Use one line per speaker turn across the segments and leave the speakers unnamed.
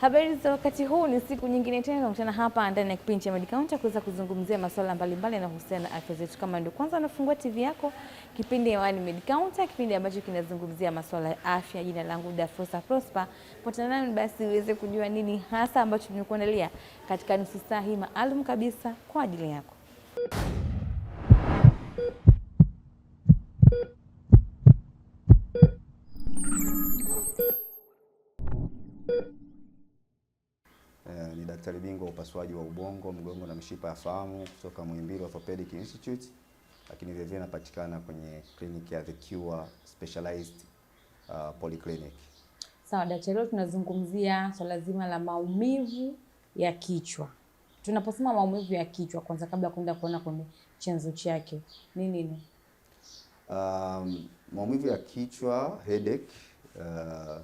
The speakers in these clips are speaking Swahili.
Habari za wakati huu, ni siku nyingine tena tunakutana hapa ndani ya kipindi cha Medi Counter kuweza kuzungumzia masuala mbalimbali yanayohusiana na afya zetu. Kama ndio kwanza unafungua TV yako, kipindi hewani Medi Counter, kipindi ambacho kinazungumzia masuala ya afya. Jina langu Dafosa Prosper, patana nami basi uweze kujua nini hasa ambacho tumekuandalia katika nusu saa hii maalum kabisa kwa ajili yako.
daktari bingwa upasuaji wa ubongo, mgongo na mishipa ya fahamu kutoka Muhimbili Orthopedic Institute, lakini vilevile napatikana kwenye kliniki ya The Cure Specialized uh, Polyclinic.
Sawa daktari, leo tunazungumzia swala so zima la maumivu ya kichwa. Tunaposema maumivu ya kichwa, kwanza kabla ya kwenda kuona kwenye chanzo chake ni nini?
Um, maumivu ya kichwa headache, uh,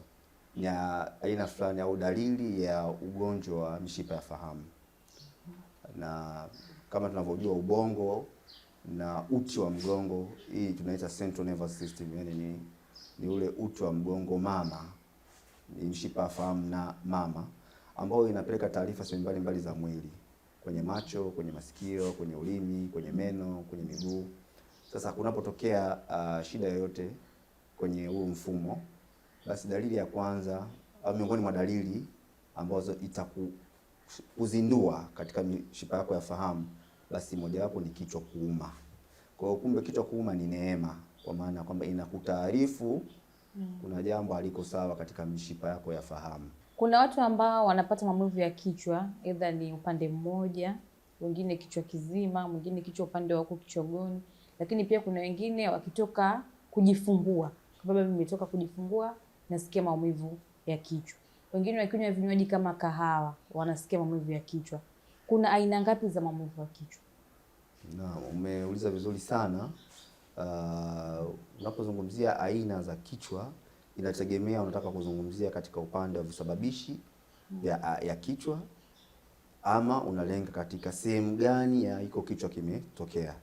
ya aina fulani au dalili ya ugonjwa wa mishipa ya fahamu, na kama tunavyojua ubongo na uti wa mgongo, hii tunaita central nervous system, yani ni, ni ule uti wa mgongo mama, ni mshipa ya fahamu na mama ambayo inapeleka taarifa sehemu mbalimbali za mwili, kwenye macho, kwenye masikio, kwenye ulimi, kwenye meno, kwenye miguu. Sasa kunapotokea uh, shida yoyote kwenye huu mfumo basi dalili ya kwanza au miongoni mwa dalili ambazo itakuzindua katika mishipa yako ya fahamu, basi mojawapo ni kichwa kuuma. Kwa hiyo kumbe kichwa kuuma ni neema, kwa maana kwamba inakutaarifu mm. kuna jambo haliko sawa katika mishipa yako ya fahamu.
Kuna watu ambao wanapata maumivu ya kichwa, aidha ni upande mmoja, wengine kichwa kizima, mwingine kichwa upande wa huko lakini pia kuna wengine wakitoka kujifungua, kwa sababu nimetoka kujifungua nasikia maumivu ya kichwa. Wengine wakinywa vinywaji kama kahawa wanasikia maumivu ya kichwa. Kuna aina ngapi za maumivu ya kichwa?
Na umeuliza vizuri sana. Uh, unapozungumzia aina za kichwa inategemea unataka kuzungumzia katika upande wa visababishi ya, ya kichwa ama unalenga katika sehemu gani ya iko kichwa kimetokea.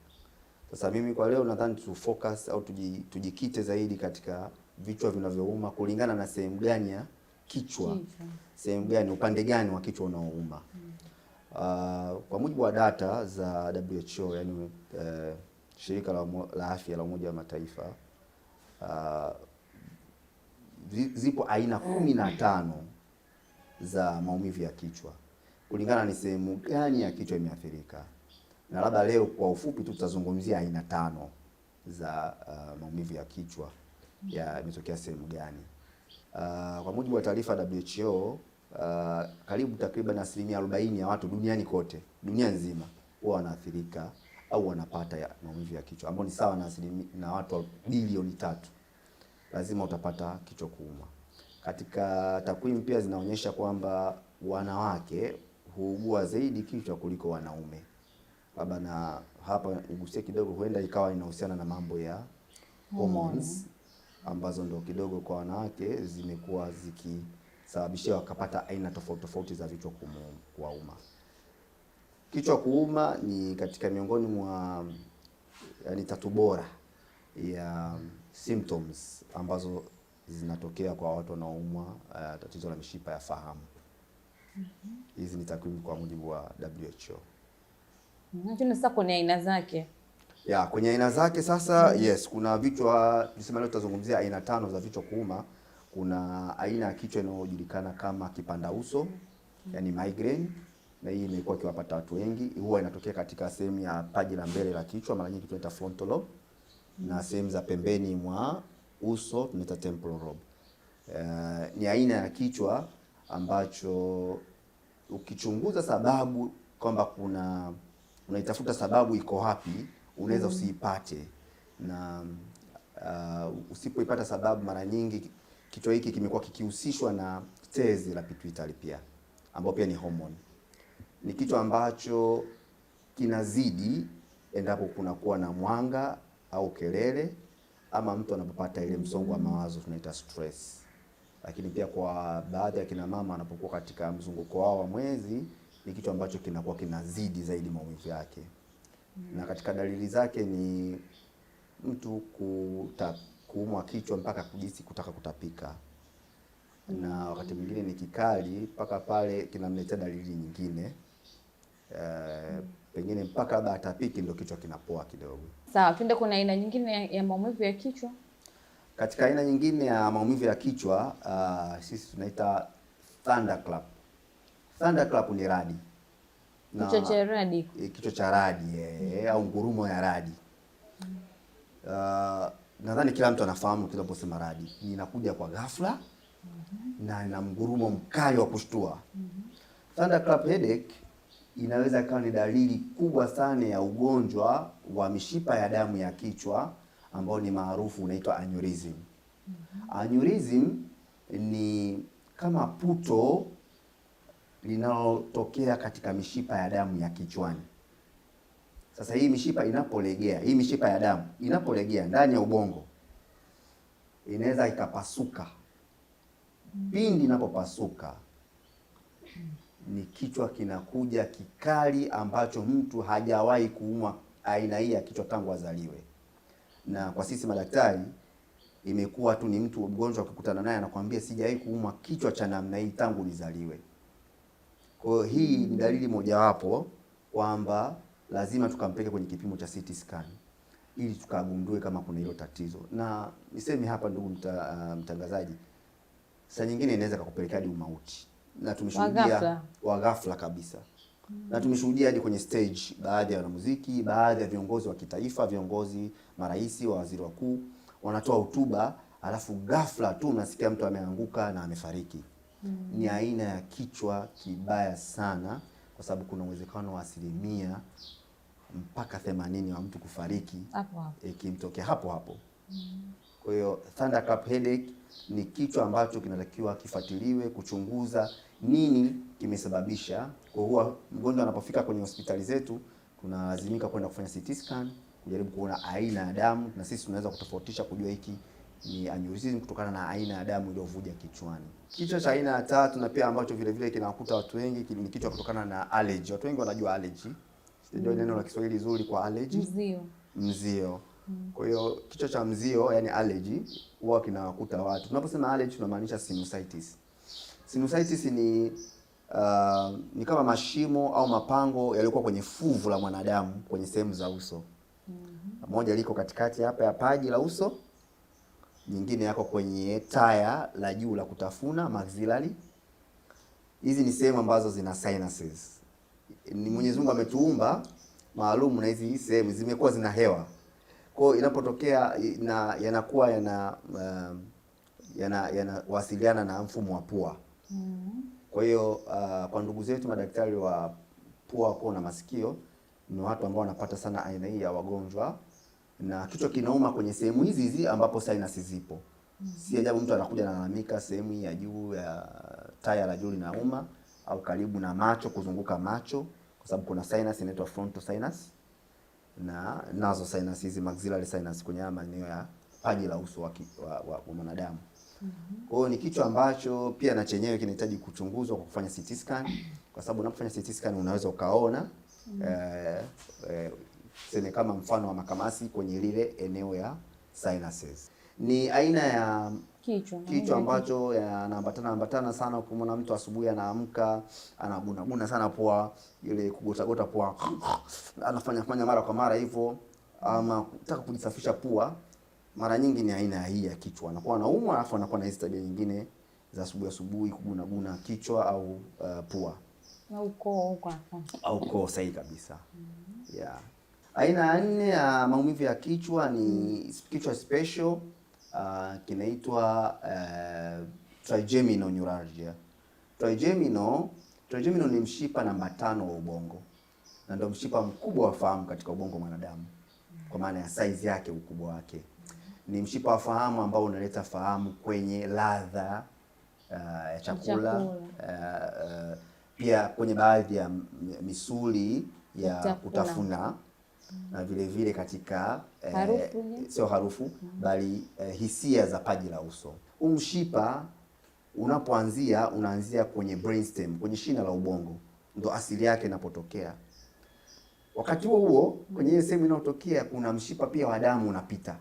Sasa mimi kwa leo nadhani tu focus au tujikite zaidi katika vichwa vinavyouma kulingana na sehemu gani ya kichwa, sehemu gani, upande gani wa kichwa unaouma. Hmm. Uh, kwa mujibu wa data za WHO, yani uh, shirika la, la afya la Umoja wa Mataifa uh, zipo aina kumi na tano za maumivu ya kichwa kulingana ni sehemu gani ya kichwa imeathirika, na labda leo kwa ufupi tu tutazungumzia aina tano za uh, maumivu ya kichwa imetokea sehemu gani. Uh, kwa mujibu wa taarifa ya WHO uh, ah, karibu takriban asilimia 40 ya watu duniani kote, dunia nzima, huwa wanaathirika au wanapata maumivu ya kichwa ambao ni sawa na asilimia na watu bilioni tatu, lazima utapata kichwa kuuma. Katika takwimu pia zinaonyesha kwamba wanawake huugua zaidi kichwa kuliko wanaume, labda na hapa nigusie kidogo, huenda ikawa inahusiana na mambo ya hormones ambazo ndo kidogo kwa wanawake zimekuwa zikisababishia wakapata aina tofauti tofauti za vichwa kuwauma Kichwa kuuma ni katika miongoni mwa yani, tatu bora ya symptoms ambazo zinatokea kwa watu wanaoumwa uh, tatizo la mishipa ya fahamu. Mhm. Hizi ni takwimu kwa mujibu wa WHO.
Sasa kuna aina zake
ya kwenye aina zake sasa, yes, kuna vichwa tuseme, leo tutazungumzia aina tano za vichwa kuuma. Kuna aina ya kichwa inayojulikana kama kipanda uso, yani migraine, na hii imekuwa ikiwapata watu wengi. Huwa inatokea katika sehemu ya paji la mbele la kichwa, mara nyingi tunaita frontal lobe, na sehemu za pembeni mwa uso tunaita temporal lobe. Uh, ni aina ya kichwa ambacho ukichunguza sababu kwamba kuna unaitafuta sababu iko wapi unaweza mm. usiipate na uh, usipoipata sababu, mara nyingi kichwa hiki kimekuwa kikihusishwa na tezi la pituitary pia, ambao pia ni hormone. Ni kitu ambacho kinazidi endapo kunakuwa na mwanga au kelele ama mtu anapopata ile msongo wa mawazo tunaita stress. Lakini pia kwa baadhi ya kina mama anapokuwa katika mzunguko wao wa mwezi, ni kichwa ambacho kinakuwa kinazidi zaidi maumivu yake na katika dalili zake ni mtu kuta, kuumwa kichwa mpaka kujisi kutaka kutapika na wakati mwingine ni kikali mpaka pale kinamletea dalili nyingine e, pengine mpaka labda atapiki ndio kichwa kinapoa kidogo.
Sawa, tuende kuna aina nyingine ya maumivu ya kichwa.
Katika aina nyingine ya maumivu ya kichwa uh, sisi tunaita thunderclap. Thunderclap ni radi
na kichwa cha radi,
eh, kichwa cha radi eh, eh, au ngurumo ya radi mm-hmm. uh, nadhani kila mtu anafahamu tunaposema radi inakuja kwa ghafla mm-hmm. na ina mgurumo mkali wa kushtua. Mm-hmm. Thunderclap headache inaweza ikawa ni dalili kubwa sana ya ugonjwa wa mishipa ya damu ya kichwa ambao ni maarufu unaitwa aneurysm. Aneurysm ni kama puto linalotokea katika mishipa ya damu ya kichwani. Sasa hii mishipa inapolegea, hii mishipa ya damu inapolegea ndani ya ubongo inaweza ikapasuka. Pindi inapopasuka ni kichwa kinakuja kikali ambacho mtu hajawahi kuumwa aina hii ya kichwa tangu azaliwe. Na kwa sisi madaktari imekuwa tu ni mtu mgonjwa akikutana naye anakuambia sijawahi kuumwa kichwa cha namna hii tangu nizaliwe. Kwa hiyo hii ni dalili mojawapo kwamba lazima tukampeke kwenye kipimo cha CT scan ili tukagundue kama kuna hilo tatizo. Na niseme hapa, ndugu mta, uh, mtangazaji, saa nyingine inaweza kukupelekea hadi umauti, na tumeshuhudia wa ghafla kabisa na tumeshuhudia hadi kwenye stage baadhi ya wanamuziki, baadhi ya viongozi wa kitaifa, viongozi, marais, wa waziri wakuu wanatoa hotuba, alafu ghafla tu unasikia mtu ameanguka na amefariki mm. ni aina ya kichwa kibaya sana, kwa sababu kuna uwezekano wa asilimia mpaka themanini wa mtu kufariki ikimtokea hapo hapo. Mm. Kwa hiyo Thunder headache ni kichwa ambacho kinatakiwa kifuatiliwe kuchunguza nini kimesababisha. Kwa huwa mgonjwa anapofika kwenye hospitali zetu tunalazimika kwenda kufanya CT scan kujaribu kuona aina ya damu, na sisi tunaweza kutofautisha kujua hiki ni aneurysm kutokana na aina ya damu iliyovuja kichwani. Kichwa cha aina ya tatu na pia ambacho vile vile kinawakuta watu wengi ni kichwa kutokana na allergy. Watu wengi wanajua allergy. mm. neno la Kiswahili zuri kwa allergy. Mzio. Mzio. Mm. Kwa hiyo kichwa cha mzio, yani allergy, huwa kinawakuta watu. Tunaposema allergy tunamaanisha sinusitis. Sinusitis ni uh, ni kama mashimo au mapango yaliyokuwa kwenye fuvu la mwanadamu kwenye sehemu za uso. Mm-hmm. Moja liko katikati hapa ya paji la uso Mm nyingine yako kwenye taya la juu la kutafuna maxillary. Hizi ni sehemu ambazo zina sinuses. Ni Mwenyezi Mungu ametuumba maalumu na hizi sehemu zimekuwa zina hewa, kwa hiyo inapotokea na yanakuwa yana uh, yana yanawasiliana na mfumo wa pua mm-hmm. Kwa hiyo uh, kwa ndugu zetu madaktari wa pua koo na masikio ni watu ambao wanapata sana aina hii ya wagonjwa na kichwa kinauma kwenye sehemu hizi hizi ambapo sinus zipo. Si ajabu mtu anakuja analalamika sehemu ya juu ya taya la juu linauma, au karibu na macho, kuzunguka macho, kwa sababu kuna sinus inaitwa frontal sinus na nazo sinus hizi maxillary sinus kwenye maeneo ya paji la uso wa, wa, wa, wa mwanadamu. Mm-hmm. Kwa hiyo ni kichwa ambacho pia na chenyewe kinahitaji kuchunguzwa kwa kufanya CT scan, kwa sababu unapofanya CT scan unaweza ukaona mm -hmm. eh, eh, tuseme kama mfano wa makamasi kwenye lile eneo ya sinuses. Ni aina ya kichwa, kichwa ambacho yanaambatana ambatana sana. Ukimwona mtu asubuhi anaamka anagunaguna sana pua, ile kugotagota pua anafanya fanya mara kwa mara hivyo, ama kutaka kujisafisha pua, mara nyingi ni aina ya hii ya kichwa, anakuwa anaumwa alafu anakuwa na hizi tabia nyingine za asubuhi asubuhi kugunaguna kichwa au uh, pua au koo sahihi kabisa. mm -hmm. yeah. Aina ya nne ya ah, maumivu ya kichwa ni kichwa special uh, kinaitwa uh, trigeminal neuralgia. Trigeminal, trigeminal ni mshipa namba tano wa ubongo na ndio mshipa mkubwa wa fahamu katika ubongo mwanadamu kwa maana ya size yake, ukubwa wake. Ni mshipa wa fahamu ambao unaleta fahamu kwenye ladha ah, ya uh, chakula uh, uh, pia kwenye baadhi ya misuli ya kutafuna na vile vile katika
eh, harufu, eh,
sio harufu mm-hmm. bali eh, hisia za paji la uso. Huu mshipa unapoanzia unaanzia kwenye brainstem, kwenye shina la ubongo, ndo asili yake inapotokea. Wakati huo huo kwenye ile sehemu inayotokea kuna mshipa pia wa damu unapita,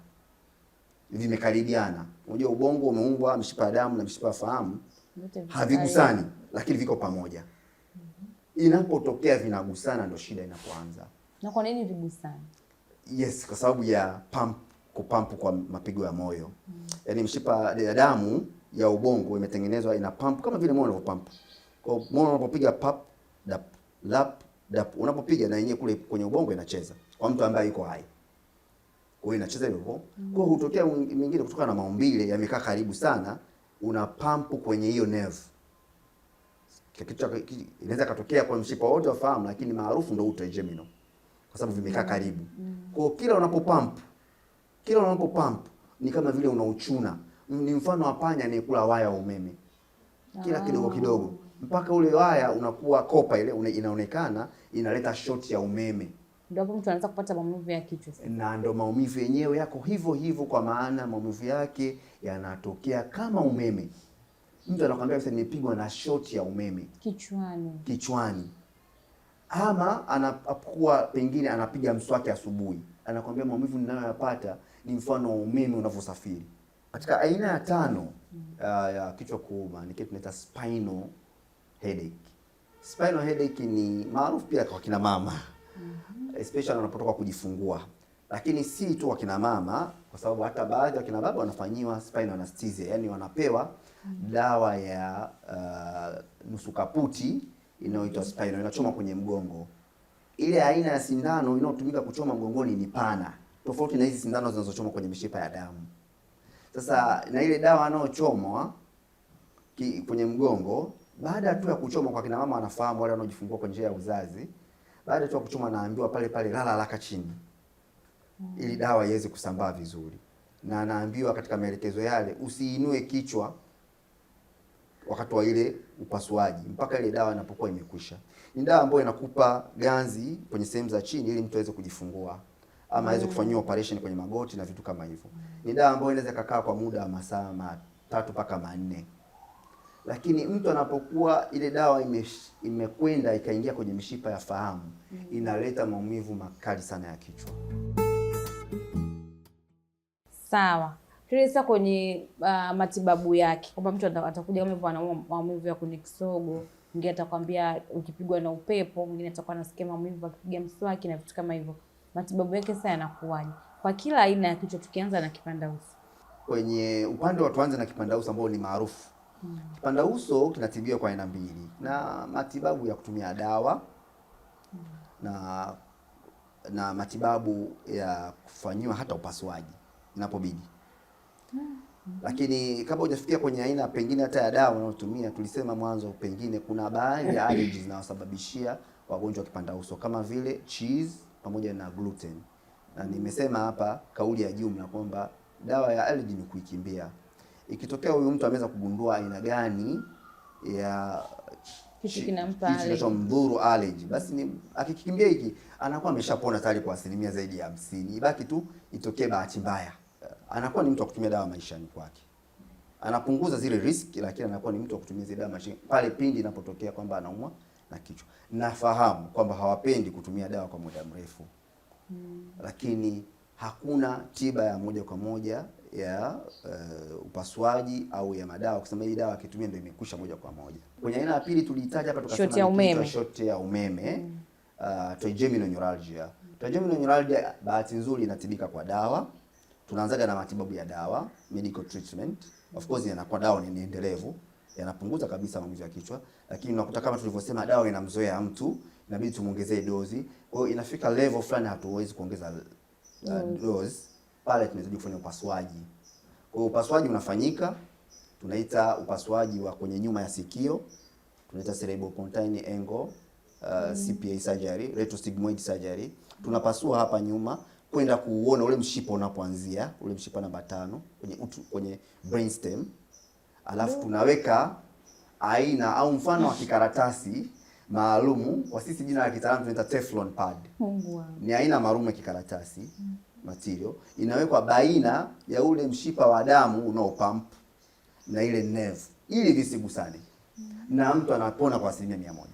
vimekaribiana. Unajua ubongo umeumbwa, mshipa wa damu na mshipa wa fahamu havigusani, lakini viko pamoja. Inapotokea vinagusana, ndo shida inapoanza.
Na kwa nini vigumu sana?
Yes, kwa sababu ya pump kupampu kwa mapigo ya moyo. Mm. Yaani mshipa ya damu ya ubongo imetengenezwa ina pump kama vile moyo unapopampu. Kwa moyo unapopiga pap dap lap dap unapopiga na yenyewe kule kwenye ubongo inacheza. Kwa mtu ambaye yuko hai. Kwa hiyo inacheza hivyo. Mm. Kwa hutokea mwingine kutokana na maumbile yamekaa karibu sana una pump kwenye hiyo nerve. Kitu inaweza katokea kwa mshipa wote wa fahamu lakini maarufu ndio utegemino kwa sababu vimekaa mm. karibu. Mm. Kwa kila unapopump, kila unapopump ni kama vile unauchuna. Ni mfano wa panya anayekula waya wa umeme, kila ah. kidogo kidogo mpaka ule waya unakuwa kopa ile une, inaonekana inaleta shoti ya umeme,
ndio hapo mtu anaanza kupata maumivu ya kichwa,
na ndio maumivu yenyewe yako hivyo hivyo, kwa maana maumivu yake yanatokea kama umeme. Mtu anakuambia sasa nimepigwa na shoti ya umeme
kichwani,
kichwani ama anapokuwa pengine anapiga mswaki asubuhi, anakwambia maumivu ninayoyapata ni mfano wa umeme unavyosafiri. Katika aina ya tano uh, ya kichwa kuuma ni kitu tunaita spinal headache. Spinal headache ni maarufu pia kwa kina mama mm-hmm. especially wanapotoka kujifungua, lakini si tu wakina mama, kwa sababu hata baadhi ya wakina baba wanafanyiwa spinal anesthesia, yani wanapewa mm-hmm. dawa ya uh, nusu kaputi inayoitwa spinal inachoma kwenye mgongo. Ile aina ya sindano inayotumika kuchoma mgongoni ni pana, tofauti na hizi sindano zinazochoma kwenye mishipa ya damu. Sasa na ile dawa anayochomwa kwenye mgongo, baada tu ya kuchoma, kwa kina mama wanafahamu, wale wanaojifungua kwa njia ya uzazi, baada tu ya kuchoma, naambiwa pale pale lala laka chini ili dawa iweze kusambaa vizuri, na anaambiwa katika maelekezo yale usiinue kichwa wakati wa ile upasuaji mpaka ile dawa inapokuwa imekwisha. Ni dawa ambayo inakupa ganzi kwenye sehemu za chini ili mtu aweze kujifungua ama aweze kufanyiwa operation kwenye magoti na vitu kama hivyo. Ni dawa ambayo inaweza kukaa kwa muda wa masaa matatu mpaka manne. Lakini mtu anapokuwa ile dawa imekwenda ikaingia kwenye mishipa ya fahamu, inaleta maumivu makali sana ya kichwa.
Sawa. Sasa kwenye uh, matibabu yake kwamba mtu atakuja kama hivyo, ana maumivu ya kwenye kisogo, mwingine atakwambia ukipigwa na upepo, mwingine atakuwa anasikia maumivu akipiga mswaki na vitu kama hivyo. Matibabu yake sasa yanakuwaje kwa kila aina ya kichwa, tukianza na kipanda uso
Kwenye upande wa tuanze na kipanda uso ambao ni maarufu hmm. Kipanda uso kinatibiwa kwa aina mbili na matibabu ya kutumia dawa hmm. na na matibabu ya kufanyiwa hata upasuaji inapobidi. Lakini kabla hujafikia kwenye aina pengine hata ya dawa unayotumia, tulisema mwanzo, pengine kuna baadhi ya allergies zinawasababishia wagonjwa wa kipanda uso kama vile cheese pamoja na gluten, na nimesema hapa kauli ya jumla kwamba dawa ya allergy ni kuikimbia. Ikitokea huyu mtu ameweza kugundua aina gani ya kitu kinachomdhuru allergy, basi ni akikimbia hiki anakuwa ameshapona tayari kwa asilimia zaidi ya hamsini. Ibaki tu itokee bahati mbaya anakuwa ni mtu wa kutumia dawa maishani kwake, anapunguza zile riski, lakini anakuwa ni mtu wa kutumia zile dawa maishani pale pindi inapotokea kwamba anaumwa na kichwa. Nafahamu kwamba hawapendi kutumia dawa kwa muda mrefu mm, lakini hakuna tiba ya moja kwa moja ya uh, upasuaji au ya madawa kusema hii dawa akitumia ndio imekwisha moja kwa moja. Kwenye aina ya pili tulihitaji hapa
tukasema shoti ya umeme,
shoti ya umeme uh, trigeminal neuralgia. Trigeminal neuralgia bahati nzuri inatibika kwa dawa tunaanzaga na matibabu ya dawa, medical treatment. Of course yanakuwa dawa ni endelevu, yanapunguza kabisa maumivu ya kichwa, lakini unakuta kama tulivyosema, dawa inamzoea mtu, inabidi tumuongezee dozi. Kwa hiyo inafika level fulani hatuwezi kuongeza uh, dozi pale, tunazidi kufanya upasuaji. Kwa hiyo upasuaji unafanyika, tunaita upasuaji wa kwenye nyuma ya sikio, tunaita cerebral pontine angle Uh, mm. CPA surgery, retrosigmoid surgery. Tunapasua hapa nyuma kwenda kuuona ule mshipa unapoanzia, ule mshipa namba tano kwenye utu, kwenye brainstem, alafu mm. tunaweka aina au mfano wa kikaratasi maalumu kwa sisi, jina la kitaalamu tunaita Teflon pad. Ni aina maalum ya kikaratasi mm. material inawekwa baina ya ule mshipa wa damu unaopump na ile nerve ili visigusane, mm. na mtu anapona kwa asilimia mia moja.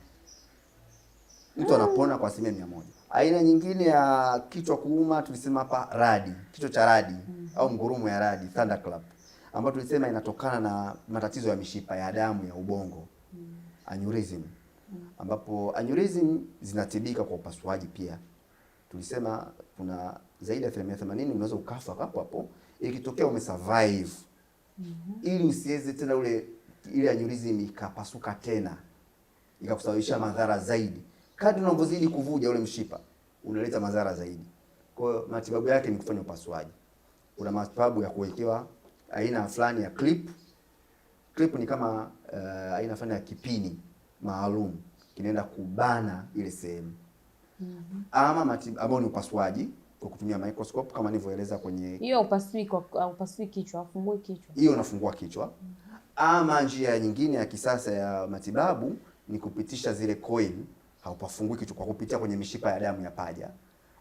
Mtu anapona kwa asilimia mia moja. Aina nyingine ya kichwa kuuma tulisema hapa radi, kichwa cha radi mm -hmm. au ngurumo ya radi thunderclap, ambayo tulisema inatokana na matatizo ya mishipa ya damu ya ubongo mm -hmm. aneurysm ambapo aneurysm zinatibika kwa upasuaji pia. Tulisema kuna zaidi ya asilimia themanini unaweza ukafa hapo hapo, ikitokea umesurvive mm -hmm. ili usiweze tena ule ile aneurysm ikapasuka tena ikakusababisha madhara zaidi kadri unavyozidi kuvuja ule mshipa unaleta madhara zaidi. Kwa hiyo matibabu yake ni kufanya upasuaji. Una matibabu ya kuwekewa aina fulani ya clip. Clip ni kama uh, aina fulani ya kipini maalum kinaenda kubana ile sehemu mm -hmm. Ama matibabu ambayo ni upasuaji kwa kutumia microscope kama nilivyoeleza kwenye
hiyo upasui kwa upasui kichwa, afungue kichwa.
Hiyo unafungua kichwa. Mm -hmm. Ama njia nyingine ya kisasa ya matibabu ni kupitisha zile coil haupafungui kichwa kwa kupitia kwenye mishipa ya damu ya paja,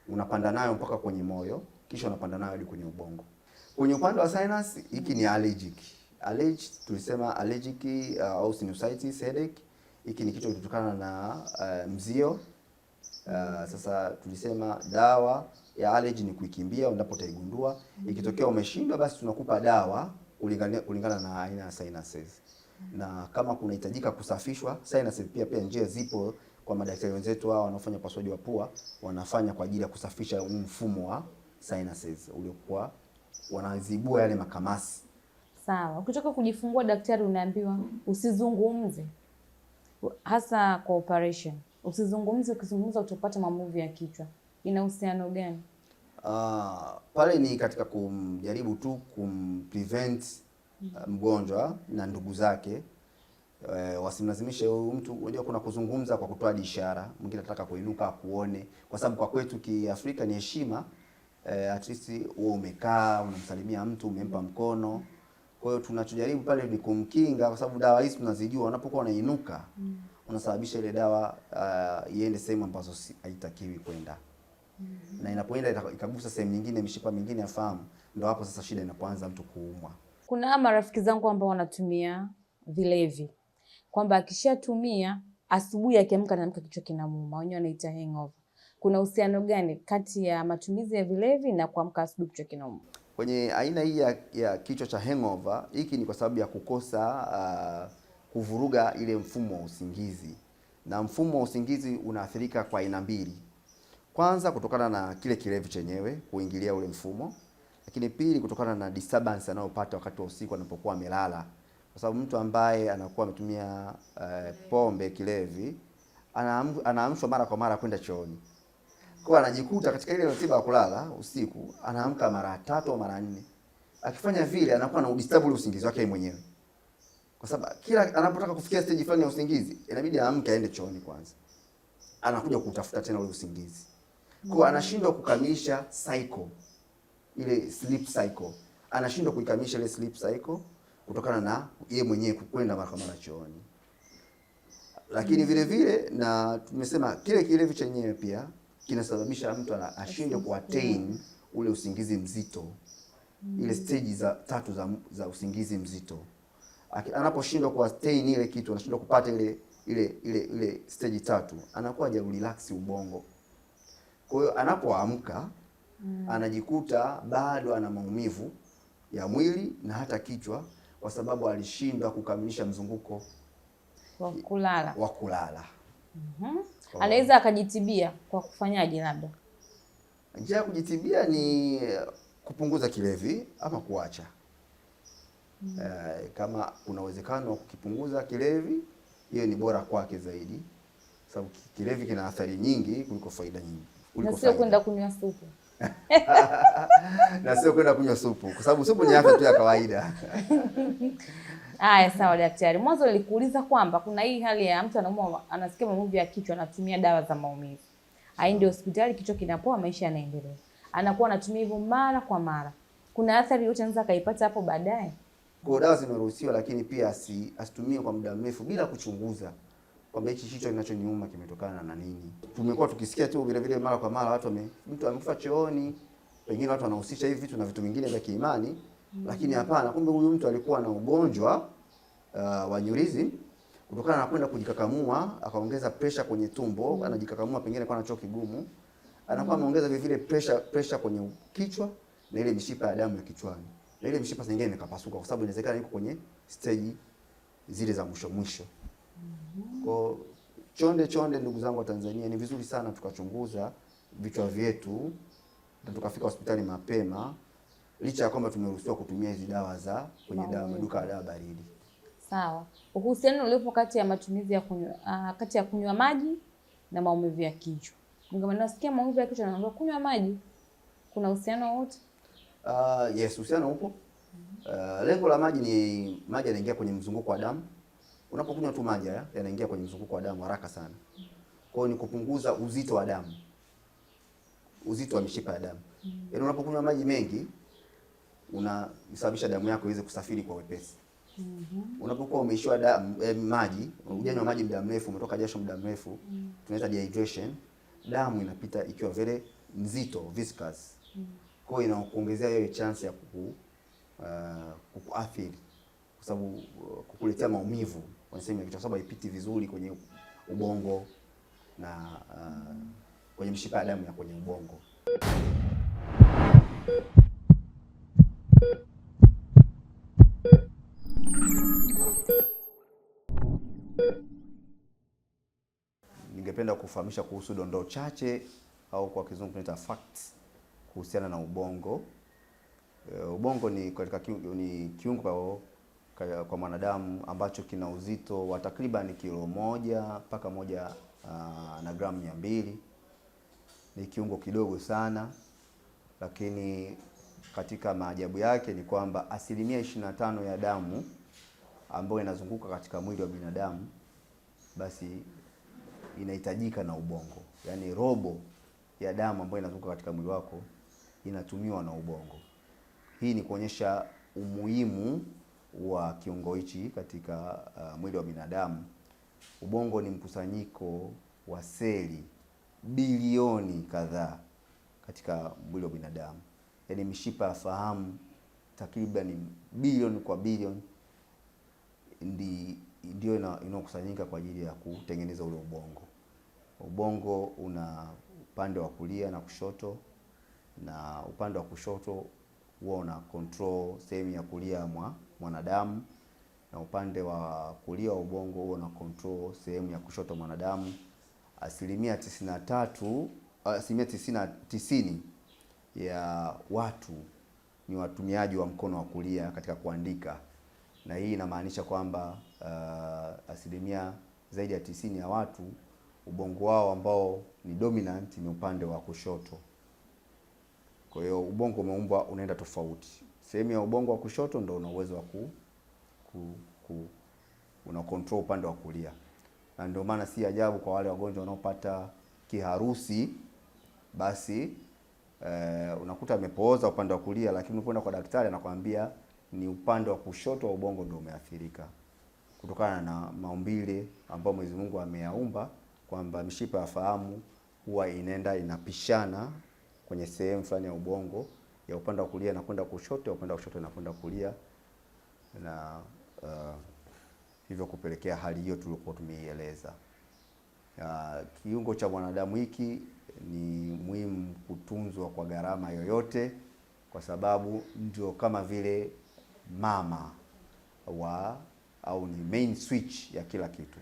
unapanda nayo mpaka kwenye moyo, kisha unapanda nayo hadi kwenye ubongo. Kwenye upande wa sinus, hiki ni allergic. allergy, tulisema allergic uh, au sinusitis headache, hiki ni kitu kutokana na uh, mzio uh, sasa tulisema dawa ya allergy ni kuikimbia unapotaigundua. Ikitokea umeshindwa, basi tunakupa dawa kulingana, kulingana na aina ya sinuses na kama kunahitajika kusafishwa sinuses pia, pia njia zipo kwa madaktari wenzetu hao wanaofanya upasuaji wa pua wanafanya kwa ajili ya kusafisha mfumo wa sinuses uliokuwa wanazibua yale makamasi.
Sawa, ukitoka kujifungua daktari unaambiwa usizungumze, hasa kwa operation usizungumze. Ukizungumza utapata maumivu ya kichwa. Ina uhusiano gani?
Uh, pale ni katika kumjaribu tu kumprevent mm. mgonjwa na ndugu zake E, wasimlazimishe huyu mtu. Unajua kuna kuzungumza kwa kutoa ishara, mwingine anataka kuinuka akuone, kwa sababu kwa kwetu Kiafrika ni heshima e, at least wewe umekaa unamsalimia mtu umempa mkono. Kwa hiyo tunachojaribu pale ni kumkinga, kwa sababu dawa hizi tunazijua, unapokuwa unainuka mm. unasababisha ile dawa uh, iende sehemu ambazo haitakiwi kwenda mm -hmm. na inapoenda ikagusa sehemu nyingine, mishipa mingine ya fahamu, ndio hapo sasa shida inapoanza mtu kuumwa.
Kuna marafiki zangu ambao wanatumia vilevi kwamba akishatumia asubuhi akiamka anaamka kichwa kinamuuma, wenyewe wanaita hangover. Kuna uhusiano gani kati ya matumizi ya vilevi na kuamka asubuhi kichwa kinamuuma?
Kwenye aina hii ya, ya kichwa cha hangover, hiki ni kwa sababu ya kukosa uh, kuvuruga ile mfumo wa usingizi, na mfumo wa usingizi unaathirika kwa aina mbili. Kwanza kutokana na kile kilevi chenyewe kuingilia ule mfumo, lakini pili kutokana na disturbance anayopata wakati wa usiku anapokuwa amelala kwa sababu mtu ambaye anakuwa ametumia uh, pombe kilevi anaamshwa mara kwa mara kwenda chooni, kwa anajikuta katika ile ratiba ya kulala usiku, anaamka mara tatu au mara nne. Akifanya vile, anakuwa na udisturb ule usingizi wake mwenyewe, kwa sababu kila anapotaka kufikia stage fulani ya usingizi inabidi aamke aende chooni kwanza, anakuja kutafuta tena ule usingizi, kwa anashindwa kukamilisha cycle ile sleep cycle, anashindwa kuikamilisha ile sleep cycle kutokana na yeye mwenyewe kwenda mara kwa mara chooni, lakini vile vile na tumesema kile kilevi chenyewe pia kinasababisha mtu ashinde kuattain ule usingizi mzito, ile stage za tatu za, za usingizi mzito. Anaposhindwa kuattain ile kitu, anashindwa kupata ile ile ile ile stage tatu, anakuwa haja relax ubongo. Kwa hiyo anapoamka mm. anajikuta bado ana maumivu ya mwili na hata kichwa kwa sababu alishindwa kukamilisha mzunguko
wa kulala
wa kulala. mm
-hmm. Anaweza akajitibia kwa kufanyaje? Labda
njia ya kujitibia ni eh, kupunguza kilevi ama kuacha. mm -hmm. E, kama kuna uwezekano wa kukipunguza kilevi, hiyo ni bora kwake zaidi, sababu kilevi kina athari nyingi kuliko faida nyingi,
kuliko faida. Na sio kwenda kunywa supu
na sio kwenda kunywa supu, kwa sababu supu ni afya tu ya kawaida.
Haya, sawa daktari. Mwanzo nilikuuliza kwamba kuna hii hali ya mtu anaumwa, anasikia maumivu ya kichwa, anatumia dawa za maumivu, aende hospitali, kichwa kinapoa, maisha yanaendelea, anakuwa anatumia hivyo mara kwa mara. Kuna athari yote anaweza akaipata hapo baadaye?
Kwa dawa zimeruhusiwa, lakini pia asitumie kwa muda mrefu bila kuchunguza kwamba hichi hicho kinachoniuma kimetokana na nini. Tumekuwa tukisikia tu vile vile mara kwa mara watu wame, mtu amekufa chooni, pengine watu wanahusisha hivi vitu na vitu vingine vya kiimani mm. Lakini hapana, kumbe huyu mtu alikuwa na ugonjwa uh, wa nyurizi kutokana na kwenda kujikakamua, akaongeza presha kwenye tumbo mm. Anajikakamua pengine kwa na choo kigumu, anakuwa ameongeza vile vile presha presha kwenye kichwa na ile mishipa ya damu ya kichwani na ile mishipa nyingine ikapasuka, kwa sababu inawezekana iko kwenye stage zile za mwisho mwisho. Kwa chonde chonde, ndugu zangu wa Tanzania, ni vizuri sana tukachunguza vichwa vyetu na tukafika hospitali mapema, licha ya kwamba tumeruhusiwa kutumia hizi dawa za kwenye dawa maduka ya dawa baridi.
Sawa. Uhusiano uliopo kati ya matumizi ya kunywa uh, kati ya kunywa maji na maumivu ya kichwa. Nasikia maumivu ya kichwa na naambiwa kunywa maji, kuna uhusiano wote?
Uh, ah, yes, uhusiano upo. Uh, lengo la maji ni maji yanaingia kwenye mzunguko wa damu Unapokunywa tu maji haya yanaingia kwenye mzunguko wa damu haraka sana. Kwa hiyo ni kupunguza uzito wa damu, uzito wa mishipa ya damu. Yaani unapokunywa maji mengi unasababisha damu yako iweze kusafiri kwa wepesi. Mm -hmm. Unapokuwa umeishiwa damu eh, maji, unajanywa maji muda mrefu, umetoka jasho muda mrefu, mm -hmm. tunaita dehydration, damu inapita ikiwa vile nzito viscous. Mm -hmm. Kwa hiyo inakuongezea wewe chance ya kuku, uh, kukuathiri kwa sababu uh, kukuletea maumivu wanasema kitu, kwa sababu haipiti vizuri kwenye ubongo na uh, kwenye mshipa ya damu ya kwenye ubongo. Ningependa kufahamisha kuhusu dondoo chache au kwa kizungu tunaita facts kuhusiana na ubongo. Uh, ubongo ni katika ni kiungo kwa mwanadamu ambacho kina uzito wa takriban kilo moja mpaka moja aa, ah, na gramu mia mbili. Ni kiungo kidogo sana, lakini katika maajabu yake ni kwamba asilimia tano ya damu ambayo inazunguka katika mwili wa binadamu basi inahitajika na ubongo, yaani robo ya damu ambayo inazunguka katika mwili wako inatumiwa na ubongo. Hii ni kuonyesha umuhimu wa kiungo hichi katika uh, mwili wa binadamu. Ubongo ni mkusanyiko wa seli bilioni kadhaa katika mwili wa binadamu, yaani mishipa ya fahamu takriban bilioni kwa bilioni ndi ndio inaokusanyika kwa ajili ya kutengeneza ule ubongo. Ubongo una upande wa kulia na kushoto, na upande wa kushoto huwa una control sehemu ya kulia mwa mwanadamu na upande wa kulia wa ubongo huo una control sehemu ya kushoto mwanadamu. Asilimia tisini na tatu, asilimia tisini ya watu ni watumiaji wa mkono wa kulia katika kuandika, na hii inamaanisha kwamba uh, asilimia zaidi ya tisini ya watu ubongo wao ambao ni dominant ni upande wa kushoto. Kwa hiyo ubongo umeumbwa unaenda tofauti sehemu ya ubongo wa kushoto ndio una uwezo wa ku, ku, ku una control upande wa kulia, na ndio maana si ajabu kwa wale wagonjwa wanaopata kiharusi basi eh, unakuta amepooza upande wa kulia, lakini unapoenda kwa daktari anakwambia ni upande wa kushoto wa ubongo ndio umeathirika kutokana na maumbile ambayo Mwenyezi Mungu ameyaumba kwamba mishipa ya fahamu huwa inaenda inapishana kwenye sehemu fulani ya ubongo ya upande wa kulia inakwenda kushoto, ya upande wa kushoto inakwenda kulia na uh, hivyo kupelekea hali hiyo tulikuwa tumeieleza. Uh, kiungo cha mwanadamu hiki ni muhimu kutunzwa kwa gharama yoyote, kwa sababu ndio kama vile mama wa au ni main switch ya kila kitu.